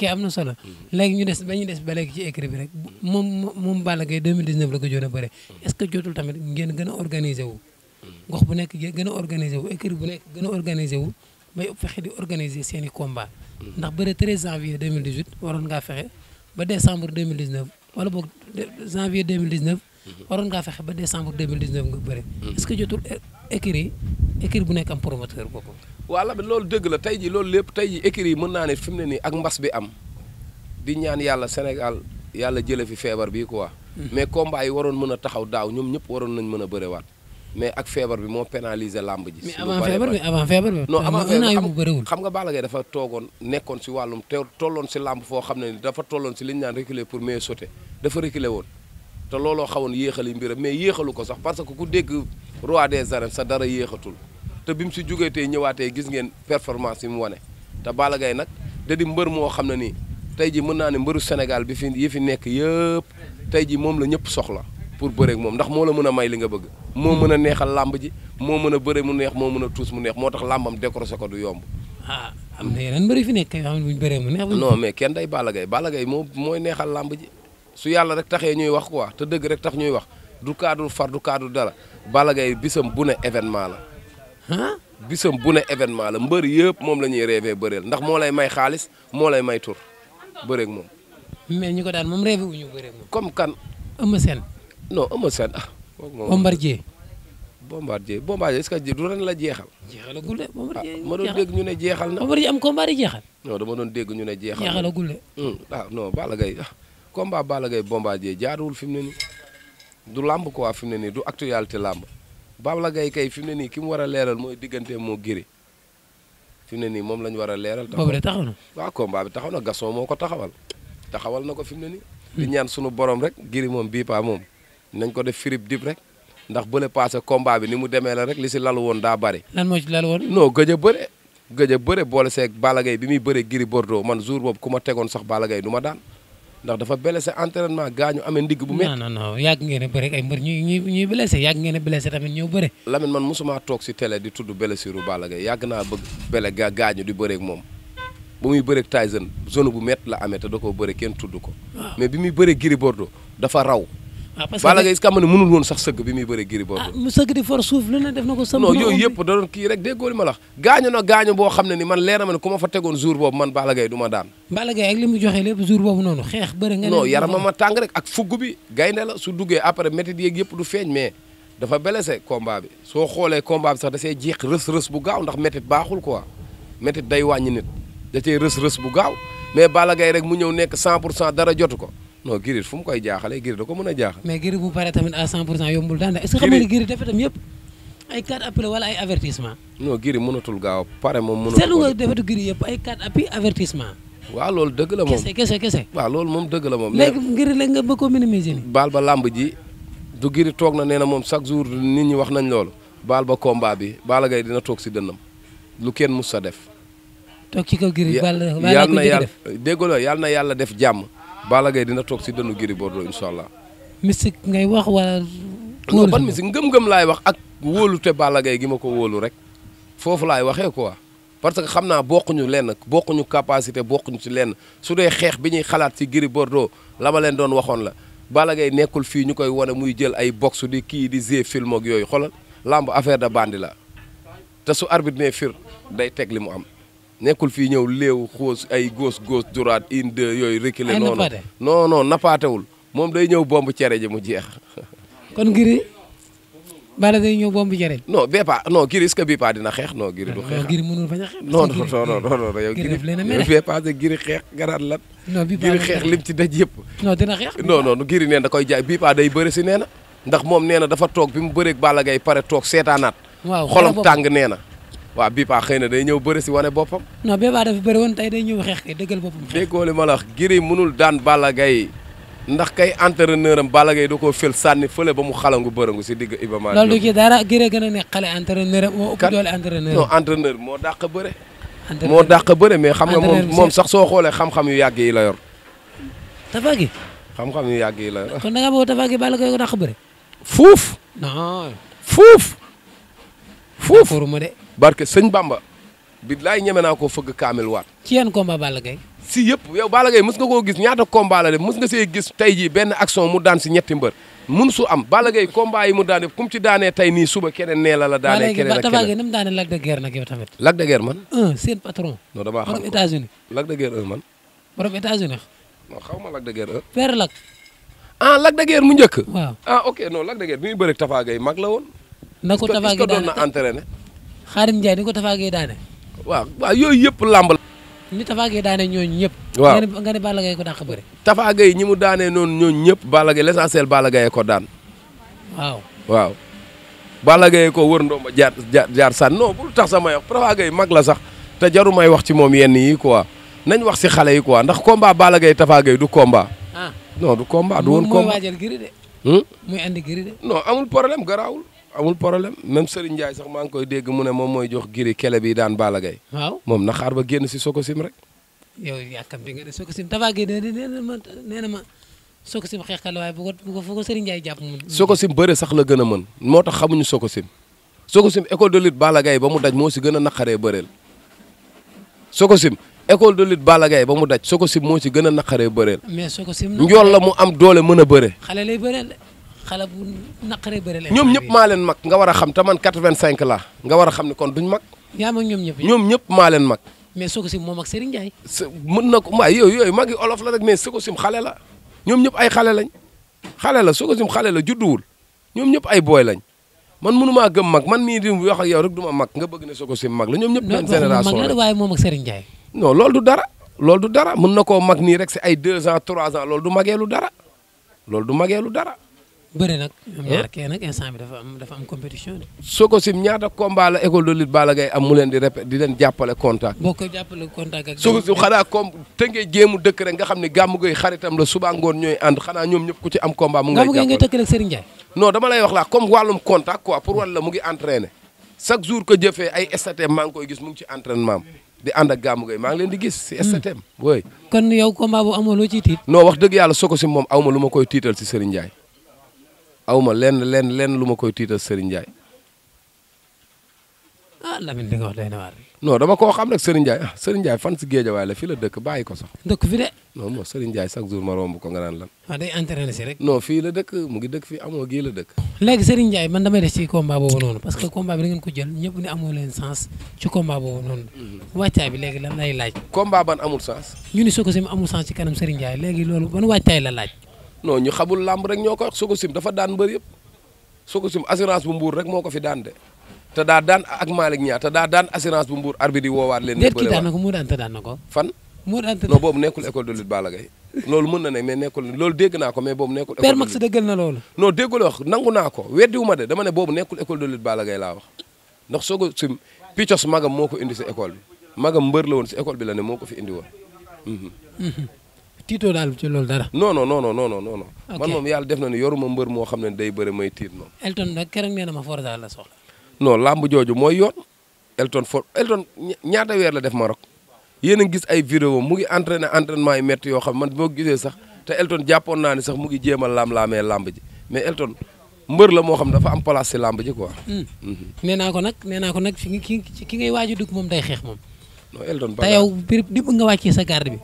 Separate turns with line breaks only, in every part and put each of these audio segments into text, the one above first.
ok am na solo mhm. léegi ñu des ba ñu des ba léegi ci écrit bi rek moom moom Balla Gaye 2019 la ko joon a bëre est-ce que jotul tamit ngeen gën a organiser wu mhm. gox bu nekk gën a wu écrit bu nekk gën a organiser wu may fexe di organiser seeni i mhm. ndax bëre 13 janvier 2018 waroon ngaa fexe ba décembre 2019 wala boog janvier 2019 waroon ngaa fexe ba décembre 2019 nga bëre est-ce que jotul écrit écrit bu nekk am promoteur boppam
waa Lamine loolu dëgg la tey ji loolu lépp tey ji écurie yi mën naa ne fi mu ne nii ak mbas bi am di ñaan yàlla Sénégal yàlla jële fi feebar bi quoi hmm. mais combat yi waroon mën a taxaw daaw ñoom ñëpp waroon nañ mën a bërewaat mais ak feebar bi moo pénaliser làmb ji. mais avant feebar bi xam nga Balla Gaye dafa toogoon nekkoon si wàllum te tolloon si làmb foo xam ne dafa tolloon si li ñu naan reculer pour mais sauter dafa reculer woon te looloo xawoon yéexali mbiram mais yéexalu ko sax parce que ku dégg roi des arènes sa dara yéexatul te bi mu si jógee tey ñëwaatee gis ngeen performance yi mu wane te Balla Gaye nag da mbër moo xam ne nii tey ji mën naa ne mbëru Sénégal bi fi yi fi nekk yëpp tey ji moom la ñëpp soxla pour bëreek moom ndax moo la mën a may li nga bëgg moo mën a neexal làmb ji moo mën a bëre mu neex moo mën a tuus mu neex moo tax làmbam décroché ko du yomb ah am na yeneen mbëri fi nekk yoo xam ne mu neex non mais kenn day Balla Gaye Balla mooy neexal làmb ji su yàlla rek taxee ñuy wax ko quoi te dëgg rek tax ñuy wax du kaadul far du kaadul dara Balla Gaye bisam bu ne événement la bisam bu ne événement la mbër yëpp moom la ñuy rêvé bëreel ndax moo lay may xaalis moo lay may tur bëreeg moom. mais ñu ko daan moom rêvé wu ñu bëreeg moom. comme kan. Eumeu Sène. non Eumeu Sène ah. Bombardier. Bombardier Bombardier est-ce que du ren la jeexal. jeexalagul ah, ma doon dégg ñu ne jeexal na. Bombardier am combat di jeexal. non dama doon dégg ñu ne jeexal na jeexalagul de. Hmm, ah non Balla bala gay ah, combat Balla Gaye Bombardier fi mu ne nii du làmb quoi fi mu ne nii du actualité làmb. Balla Gaye kay fi mu ne nii ki mu war a leeral mooy diggante moo giri fi ne nii moom lañ war a leeral. boobu de taxaw na waaw combat taxaw na Gaston moo ko taxawal taxawal na ko fi mu ne nii. li hmm. ñaan sunu borom rek giri moom bii paa moom nañ ko def firib dib rek ndax bële passé combat bi ni mu demee la rek li si lalu woon daa bari lan moo ci lalu woon. non gëj a bëre gëj a bëre boole seeg Balla Gaye bi muy bëre giri Bordeaux man jour boobu ku ma tegoon sax Balla du ma daan. ndax dafa blessé entraînement gaañu amee ndigg bu métti non non yàgg ngeen a bëri ay mbër ñuy ñuy blessé yàgg ngeen a blessé tamit ñëw bëre Lamine man mosumaa toog si télé di tudd blessure Balla Gaye yàgg naa bëgg bele ga gaañu di bëreeg moom ba muy bëreeg Tyson zone bu métti la amee te da koo bëre kenn tudd ko mais bi muy bëre Gris Bordeaux dafa raw Ah, parce que Balla Gaye xam ne mënul woon sax sëgg bi muy bëre Gris Bordeaux. ah
mu yëpp
da kii rek déggoo li ma la gaañu na gaañu boo xam ne ni man leer na ma ne ku ma fa tegoon jour boobu man Balla Gaye du ma daan.
Balla Gaye ak li mu joxe lépp jour boobu noonu xeex bëri nga. non
su duggee après métit yeeg yëpp du feeñ mais dafa blessé combat soo xoolee combat sax da see jeex rës-rës bu gaaw ndax métit baaxul quoi métit day wàññi nit da cee rës-rës bu gaaw mais Balla Gaye rek mu ñëw nekk 100 pour cent dara jotu ko noo Gris fu mu koy jaaxalee Gris da mën a jaaxal.
mais Gris bu paree tamit à 100 pour cent yombul daan est ce xam nga ni defetam yëpp ay 4 appels wala ay avertissement.
non Gris mënatul gaaw pare moom. mënatul seetlu nga
defetu Gris yëpp ay 4 appels avertissement.
waaw loolu dëgg la moom kese kese kese. loolu moom dëgg la moom. léegi Gris léegi nga bëgg koo minimiser baal ba làmb ji du Gris toog na nee na moom chaque jour nit ñi wax nañ loolu baal ba combat bi Balla Gaye dina toog si dënnam lu kenn mus sa def.
toog ci kaw Gris. yàlla na yàlla
déggoo yàlla na yàlla def jàmm balagay dina toog si dënnu Gris Bordeaux incha allah.
mystique ngay wax wala. wóolu ban
mystique ngëm-ngëm laay wax ak wóolute te Gaye gi ma ko wóolu rek foofu laay waxee quoi. parce que xam naa bokkuñu lenn bokkuñu capacité bokkuñu si lenn su dee xeex bi ñuy xalaat ci Gris Bordeaux lama leen doon waxoon la Balla Gaye nekkul fii ñu koy wane muy jël ay box di kii di g film yooyu xoolal làmb affaire de bandi la te su arbitre ne fir day teg li mu am. nekkul fii ñëw léew xoos ay góos góos droite in deux yooyu reculer noonu non non nappaatewul moom day ñëw bomb cere ji mu jeex
kon Gris
bala day ñëw bomb cere non bee paa non Gris est-ce que bii paa dina xeex non Gris du xeex Gris
mënul bañ a xeex non non non non yow
Gris bii ci daj yëpp non dina xeex non non Gris nee da koy jaay bii paa day bëri si nee na ndax moom nee na dafa toog bi mu bëreeg bala Gaye pare toog seetaanaat
waaw xolam tàng
nee na waaw Bipa xëy na day ñëw bëri si wane boppam.
non Bipa dafa bëri woon tey day ñëw xeex kay dëggal boppam.
déggoo li ma la wax Gris mënul daan Balla Gaye ndax kay entraîneur am Balla Gaye da koo fël sànni fële ba mu xalangu bërëngu si digg Iba Mar Diop. loolu du
ci dara Gris gën a nekk xale entraîneur am moo ëpp doole entraîneur non
entraîneur moo
dàq
bëre. moo xam nga moom moom sax soo xoolee xam-xam yu yàgg yi la yor. Tapha Guèye. xam-xam yu yàgg yi la yor.
kon da ngaa bëgg Tapha Guèye Balla Gaye ko dàq bëre.
fuuf. fuuf. fuuf. barke sëñ Bamba billaay ñeme naa koo fëgg kaamil waat. ci yan combat Balla Gaye si yëpp yow Balla Gaye mës nga koo gis ñaata combat la de mës nga see gis tey jii benn action mu daan si ñetti mbër mun su am Balla Gaye combat yi mu daan yëpp kum ci daanee tey nii suba keneen nee la la. daanee keneen ak keneen Balla Gaye
ni mu daanee Lac de Guiers nag yow tamit. Lac de Guiers man. un seen patron.
non damaa xam borom États-Unis. Lac de Guiers un man.
borom États-Unis.
non xaw ma Lac de Guiers un. Ah, njëkk. waaw ah ok na ko Tafa
Xaadim Njaay ni ko Tapha Gueye daane.
waaw waaw yooyu yëpp làmb la.
ni Tapha Gueye daane ñooñu ñëpp. waaw nga ne nga ko dàq bëre.
Tapha Gueye ñi mu daanee noonu ñooñu ñëpp Balla Gaye l'essentiel Balla ko daan. waaw waaw. Balla Gaye ko wër ndomba jaar jaar jaar sànn non bul tax samay mag la sax te jaru may wax ci moom yenn yi quoi nañ wax si xale yi quoi ndax combat Balla Gaye Tapha du combat. ah non du combat du woon. combat moom mooy waajal giri de. Hmm? muy andi giri de. non amul amul problème même Serigne Ndiaye sax maa ngi koy dégg mu ne moom mooy jox giri kele bi daan Balla Gaye moom na xaar ba génn si Sococim rek.
yow yàkkamti nga ne Sococim Tapha Gueye nee na ma nee na ma Sococim xeexkat la waaye bu ko bu ko Serigne Ndiaye jàpp mu.
Sococim bëre sax la gën a mën moo tax xamuñu Sococim Sococim école de lutte Balla Gaye ba mu daj moo si gën a naqaree bëreel Sococim école de lutte Balla ba mu daj Sococim moo si gën a naqaree bëreel.
mais Sococim njool la mu
am doole mën a bëre.
xale lay bëreel xale bu naqaree bëri
leen. ñoom ñëpp maa leen mag nga war a xam te man 85 laa nga war a xam ne kon duñ mag. yaa mag ñoom ñëpp ñoom ñëpp maa leen mag.
mais Sococim moom ak Serigne Ndiaye. sa
mën na ko waaye yooyu yooyu magi olof la rek mais Sococim xale la ñoom ñëpp ay xale lañ xale la Sococim xale la judduwul ñoom ñëpp ay booy lañ man mënumaa gëm mag man mii di wax yow du ma mag nga bëgg ne Sococim mag la ñoom ñëpp. benn génération mag la waaye
moom ak Serigne
loolu du dara loolu du dara mën na koo mag nii rek si ay 2 ans trois ans loolu du mageelu dara loolu du mageelu dara
bëri nag ñoom eh? ñaar kee nag instant
bi dafa am dafa am compétition de. soo ko sim ñaata combat la école de lutte Balla Gaye am mu leen di répété di leen jàppale contact. boo ko jàppale contact ak. soo ko sim xanaa comme tënkee jéemu dëkk rek nga xam ni gàmmu gay xaritam la suba ngoon ñooy ànd xanaa ñoom ñëpp ku ci am combat mu ngi lay jàppale gàmmu gay ngay
tëkkale ak Serigne Ndiaye.
non dama lay wax laa comme wàllum contact quoi pour wàll la mu ngi entraîné chaque jour ko jëfee ay STM maa ngi koy gis mu ngi ci entraînement am di ànd ak gàmmu gay maa ngi leen di gis si STM. wooy kon yow combat bu amoo loo ciy tiit. non wax dëgg yàlla soo ko sim moom aw ma lu ma koy tiital si Serigne Ndiaye awma lenn lenn lenn lu ma koy tiital Serigne Ndiaye.
ah Lamine li wax doy na waar.
non dama koo xam rek Serigne Ndiaye ah Serigne Ndiaye fan si Géejawaay la fii la dëkk bàyyi ko sax. dëkk fi de. non non Serigne Ndiaye chaque jour ma ko nga naan lan. waaw ah, si rek. non fii la mu ngi dëkk fii amoo la dëkk. léegi
Serigne man damay def ci combat boobu noonu parce que ko jël ñëpp ne amoo leen sens ci combat boobu
mhm. waajtaay bi léegi lan lay laaj. combat ban amul sens.
ñu ni soo ko si amul sens ci kanam Serigne Ndiaye léegi
loolu ban waajtaay la laaj. non ñu xamul làmb rek ñoo ko wax Sococim dafa daan mbër yëpp Sococim assurance bu mbuur rek moo ko fi daan de te daa daan ak Malick Niang te daa daan assurance bu mbuur arbitre yi woowaat leen. déet ki daan na
ko na ko.
fan. Mourante non boobu nekkul école de loolu mën na ne mais nekkul loolu dégg naa ko mais boobu nekkul. école de lutte Père Max
dëggal na loolu.
non déggul ko weddiwu ma boobu nekkul école de lutte Balla Gaye laa wax ndax Sococim Picos magam moo ko indi si école bi magam mbër la woon si école bi la ne moo ko fi indi woon mhm.
Mhm. sito daal ci
loolu dara. non non non man moom yàlla def na ne yoruma mbër moo xam ne day bëri may tiit moom. Elton nag mooy yoon. Elton for Elton ñaata la def Maroc yéen a gis ay vidéo mu ngi entraîné entraînement yu métti yoo xam man boo gisee sax te Elton jàppoon naa ne sax mu ngi jéem a laam-laamee làmb ji mais Elton mbër la moo xam dafa am place si làmb hmm. Hmm.
naa ko nag nee naa ko nag fi ki ki ngay waaj a dugg moom day xeex
moom. Elton ba te yow
béréb nga wàccee sa garde bi.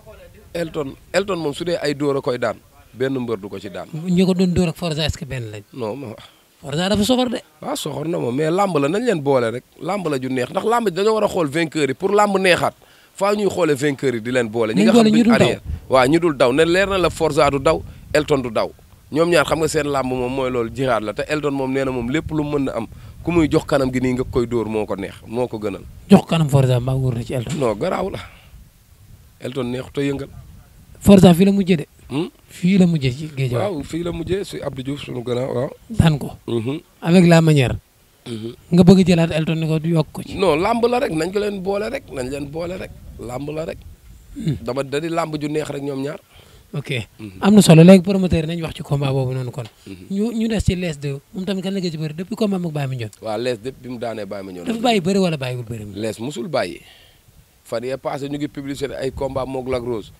Elton Elton moom su dee ay dóor a koy daan benn mbër du ko ci daan. ñi ko doon dóor ak benn lañ. non non. Forza dafa soxor de. waaw ah, soxor na moom mais làmb la nañ leen boole rek làmb la ju neex ndax làmb dañoo war a xool vainqueur yi pour làmb neexaat faa ñuy xoolee vainqueur yi di leen boole. ñi nga xam ne arrière waaw ñu dul daw ne leer na la Forza du daw Elton du daw ñoom ñaar xam nga seen làmb moom mooy loolu jixaat la te Elton moom nee na moom lépp lu mën na am ku muy jox kanam gi nii nga koy dóor moo ko neex moo ko gënal.
jox kanam Forza mbaa wóor na
ci Elton. non garaaw la Elton neexut a yëngal
Forza fii la mujjee de. Hmm? fii la mujjee ci géej
waaw fii la mujjee si Abdou Diouf sunu gannaaw waaw. daan ko. Hmm. avec la manière.
Hmm. nga bëgg a jëlaat Elton ko ko yokk ko ci. non
làmb la rek nañ ko leen boole rek nañ leen boole rek làmb la rek. dama da di làmb ju neex rek ñoom ñaar. ok am na solo léegi
promoteur nañ wax ci combat boobu noonu kon.
ñu ñu des ci lees deux moom tamit kan la gëj
a bëri depuis combat am ak Baye Mandione.
waaw les depuis bi mu daanee Baye dafa bàyyi bëri wala bàyyiwul bëri. les bàyyi fan yee passé ñu ngi ay combat moog Lac Rose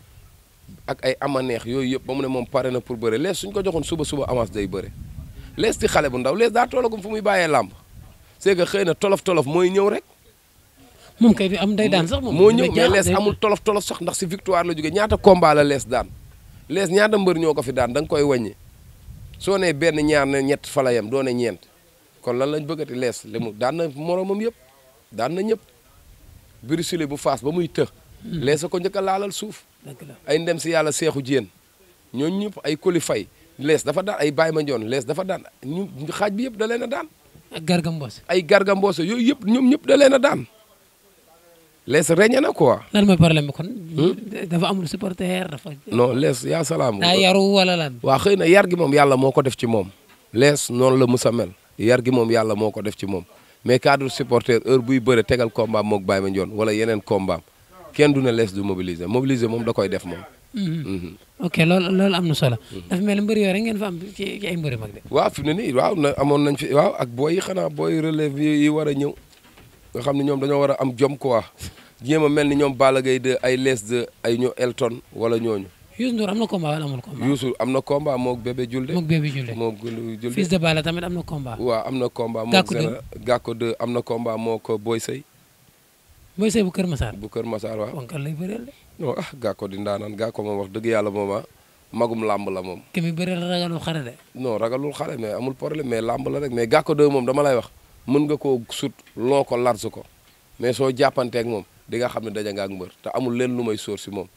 ak ay amaneex yooyu yëpp ba mu ne moom pare na pour bëre lees suñ ko joxoon suba suba avance day bëre lees di xale bu ndaw lees daa toolagum fu muy bàyyee làmb c'est que xëy na tolof tolof mooy ñëw rek.
moom kay du am day daan sax moo ñëw mais lees amul
tolof tolof sax ndax si victoire la jógee ñaata combat la lees daan lees ñaata mbër ñoo ko fi daan danga koy wàññi soo nee benn ñaar ne ñett fa la doo ne ñeent kon lan lañ bëggati lees li mu daan na moromam yëpp daan na ñëpp. brisule bu faas ba muy të. Mm. lees a ko njëkk laalal suuf. ay ndem si yàlla seexu jéen ñooñu ñëpp ay Coly lees dafa daan ay Baye Mandione lees dafa daan ñu xaaj bi yëpp da leen a daan. ak Garga Mbossé ay Garga Mbossé yooyu yëpp ñoom ñëpp da leen a daan lees reñe na quoi.
lan mooy problème bi kon. Hmm? dafa amul supporter dafa.
non lees yaa salaam. daa yaru wala lan. waa xëy na yar gi moom yàlla moo ko def ci moom. lees noonu la musa mel yar gi moom yàlla moo ko def ci moom mais cadre supporter heure buy bëre tegal kombaam moog Baye Mandione wala yeneen kombaam. kenn du na lees du mobiliser mobiliser moom da koy def moom. Mm-hmm. Mm-hmm.
ok loolu loolu am na solo. Mm-hmm. dafa mel ni mbër yooyu rek ngeen fa am ci ay mbër
mag na amoon nañ fi waaw ak booy yi xanaa booy relève war a ñëw xam ne ñoom dañoo war a am jom quoi jéem a mel ni ñoom Balla Gaye ay lees ay ñoo Elton wala ñooñu.
Youssou Ndour am na combat wala amul combat.
am na combat moog bébé Julde.
tamit am na combat.
waaw am na combat. Gàkku de moog am na combat moog Boy Sey. Boy Seye bu Kër Massar. bu Kër Massar waaw. ponkal lay bëreel. non ah Gàkko di ndaanaan Gàkko moom wax dëgg yàlla moom ah, magum làmb la moom. ki
muy bëreel ragalul xare de.
non ragalul xare mais amul problème mais làmb la rek mais Gàkko de moom dama lay wax mën nga koo sut loo ko larsu ko mais soo jàppanteeg moom di nga xam ne daja nga ak mbër te amul leen lu may sóor si moom